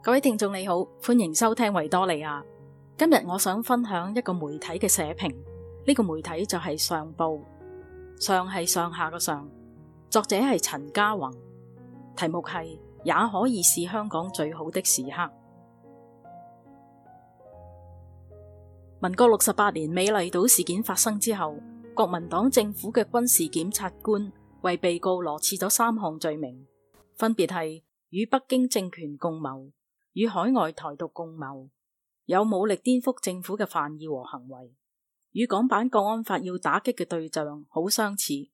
各位聽眾你好，歡迎收聽維多利亞。今日我想分享一個媒體嘅社評，呢、這個媒體就係上報，上係上下嘅上，作者係陳嘉宏，題目係也可以是香港最好的時刻。民國六十八年美麗島事件發生之後，國民黨政府嘅軍事檢察官為被告羅織咗三項罪名，分別係與北京政權共謀、與海外台獨共謀、有武力顛覆政府嘅犯意和行為，與港版國安法要打擊嘅對象好相似。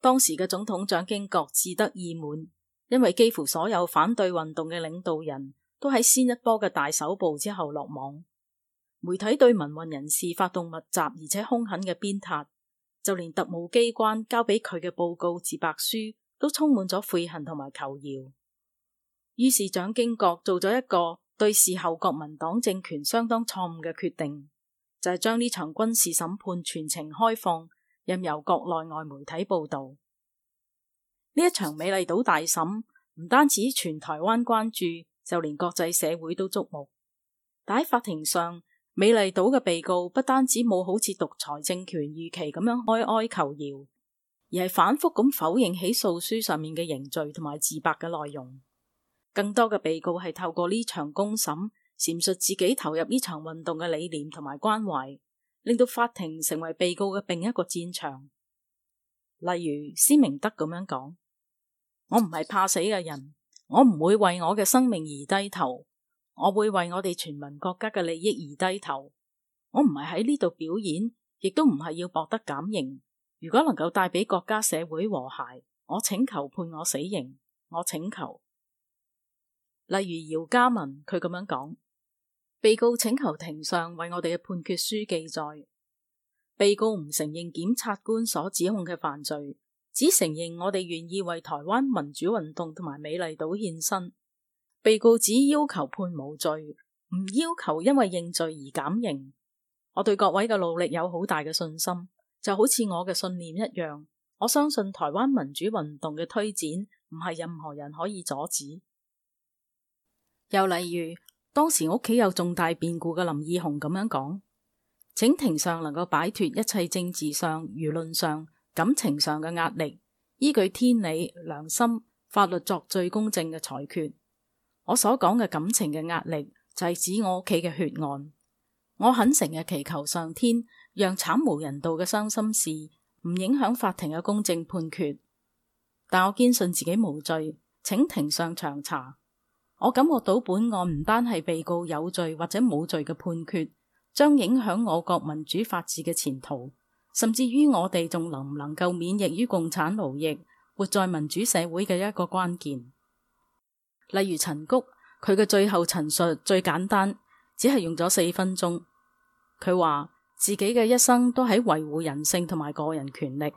當時嘅總統蔣經國志得意滿，因為幾乎所有反對運動嘅領導人都喺先一波嘅大搜捕之後落網。媒體對民運人士發動密集而且兇狠嘅鞭撻，就連特務機關交俾佢嘅報告、自白書都充滿咗悔恨同埋求饒。於是蔣經國做咗一個對事後國民黨政權相當錯誤嘅決定，就係、是、將呢場軍事審判全程開放，任由國內外媒體報道。呢一場美麗島大審唔單止全台灣關注，就連國際社會都矚目。但喺法庭上，美麗島嘅被告不單止冇好似獨裁政權預期咁樣哀哀求饒，而係反覆咁否認起訴書上面嘅刑罪同埋自白嘅內容。更多嘅被告係透過呢場公審闡述自己投入呢場運動嘅理念同埋關懷，令到法庭成為被告嘅另一個戰場。例如施明德咁樣講：我唔係怕死嘅人，我唔會為我嘅生命而低頭。我會為我哋全民國家嘅利益而低頭，我唔係喺呢度表演，亦都唔係要博得減刑。如果能夠帶俾國家社會和諧，我請求判我死刑。我請求。例如姚嘉文，佢咁樣講，被告請求庭上為我哋嘅判決書記載，被告唔承認檢察官所指控嘅犯罪，只承認我哋願意為台灣民主運動同埋美麗島獻身。被告只要求判無罪，唔要求因為認罪而減刑。我對各位嘅努力有好大嘅信心，就好似我嘅信念一樣。我相信台灣民主運動嘅推展唔係任何人可以阻止。又例如當時屋企有重大變故嘅林義雄咁樣講，請庭上能夠擺脫一切政治上、輿論上、感情上嘅壓力，依據天理、良心、法律作最公正嘅裁決。我所講嘅感情嘅壓力，就係指我屋企嘅血案。我懇誠嘅祈求上天，讓慘無人道嘅傷心事唔影響法庭嘅公正判決。但我堅信自己無罪，請庭上詳查。我感覺到本案唔單係被告有罪或者冇罪嘅判決，將影響我國民主法治嘅前途，甚至於我哋仲能唔能夠免疫於共產奴役，活在民主社會嘅一個關鍵。例如陳菊，佢嘅最後陳述最簡單，只係用咗四分鐘。佢話自己嘅一生都喺維護人性同埋個人權力。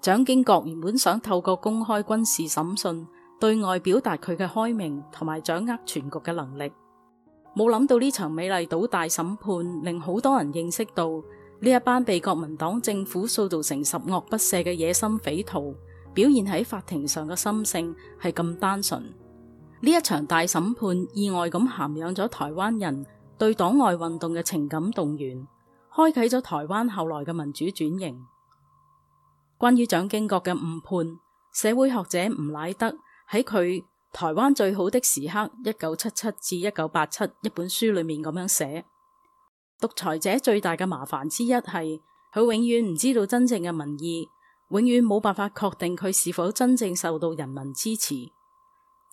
蔣經國原本想透過公開軍事審訊對外表達佢嘅開明同埋掌握全局嘅能力，冇諗到呢場美麗島大審判令好多人認識到呢一班被國民黨政府塑造成十惡不赦嘅野心匪徒。表現喺法庭上嘅心性係咁單純，呢一場大審判意外咁涵養咗台灣人對黨外運動嘅情感動員，開啟咗台灣後來嘅民主轉型。關於蔣經國嘅誤判，社會學者吳乃德喺佢《台灣最好的時刻》（一九七七至一九八七）一本書裏面咁樣寫：獨裁者最大嘅麻煩之一係佢永遠唔知道真正嘅民意。永遠冇辦法確定佢是否真正受到人民支持，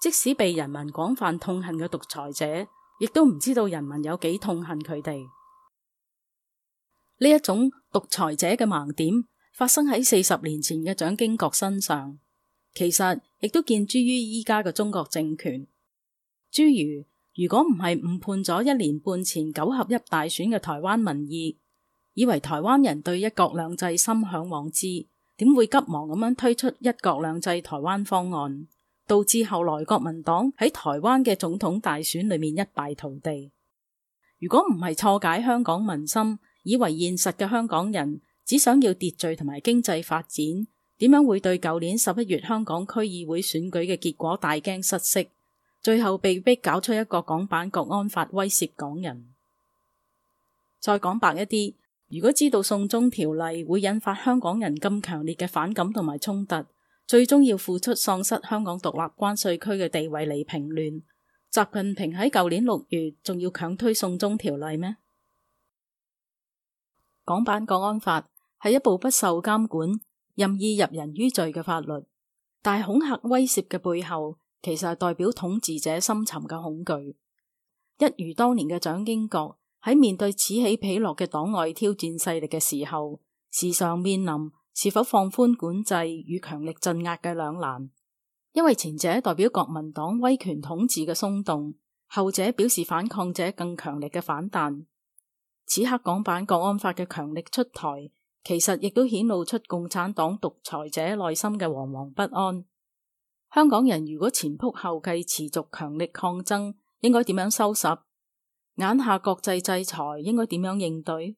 即使被人民廣泛痛恨嘅獨裁者，亦都唔知道人民有幾痛恨佢哋。呢一種獨裁者嘅盲點發生喺四十年前嘅蔣經國身上，其實亦都見諸於依家嘅中國政權。諸如如果唔係誤判咗一年半前九合一大選嘅台灣民意，以為台灣人對一國兩制心向往之，點會急忙咁樣推出一國兩制台灣方案，導致後來國民黨喺台灣嘅總統大選裏面一敗塗地？如果唔係錯解香港民心，以為現實嘅香港人只想要秩序同埋經濟發展，點樣會對舊年十一月香港區議會選舉嘅結果大驚失色？最後被逼搞出一個港版國安法，威懾港人。再講白一啲。如果知道送中條例會引發香港人咁強烈嘅反感同埋衝突，最終要付出喪失香港獨立關稅區嘅地位嚟平亂，習近平喺舊年六月仲要強推送中條例咩？港版國安法係一部不受監管、任意入人於罪嘅法律，但恐嚇威脅嘅背後，其實係代表統治者深沉嘅恐懼，一如當年嘅蔣經國。喺面對此起彼落嘅黨外挑戰勢力嘅時候，時常面臨是否放寬管制與強力鎮壓嘅兩難，因為前者代表國民黨威權統治嘅鬆動，後者表示反抗者更強力嘅反彈。此刻港版國安法嘅強力出台，其實亦都顯露出共產黨獨裁者內心嘅惶惶不安。香港人如果前仆後繼持續強力抗爭，應該點樣收拾？眼下國際制裁應該點樣應對？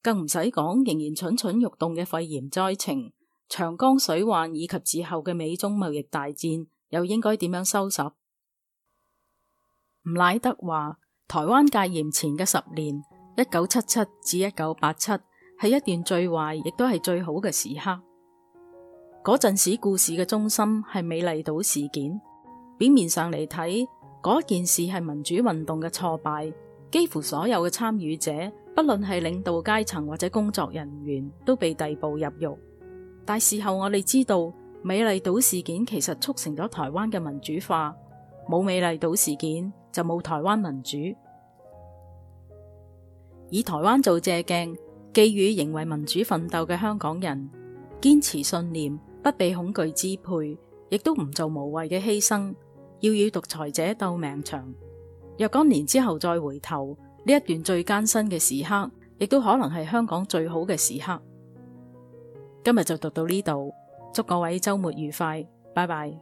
更唔使講，仍然蠢蠢欲動嘅肺炎災情、長江水患以及之後嘅美中貿易大戰，又應該點樣收拾？吳乃德話，台灣戒嚴前嘅十年（一九七七至一九八七）係一段最壞，亦都係最好嘅時刻。嗰陣時故事嘅中心係美麗島事件，表面上嚟睇，嗰件事係民主運動嘅挫敗。幾乎所有嘅參與者，不論係領導階層或者工作人員，都被逮捕入獄。但事後我哋知道，美麗島事件其實促成咗台灣嘅民主化，冇美麗島事件就冇台灣民主。以台灣做借鏡，寄語仍為民主奮鬥嘅香港人：堅持信念，不被恐懼支配，亦都唔做無謂嘅犧牲，要與獨裁者鬥命長。若干年之後再回頭，呢一段最艱辛嘅時刻，亦都可能係香港最好嘅時刻。今日就讀到呢度，祝各位週末愉快，拜拜。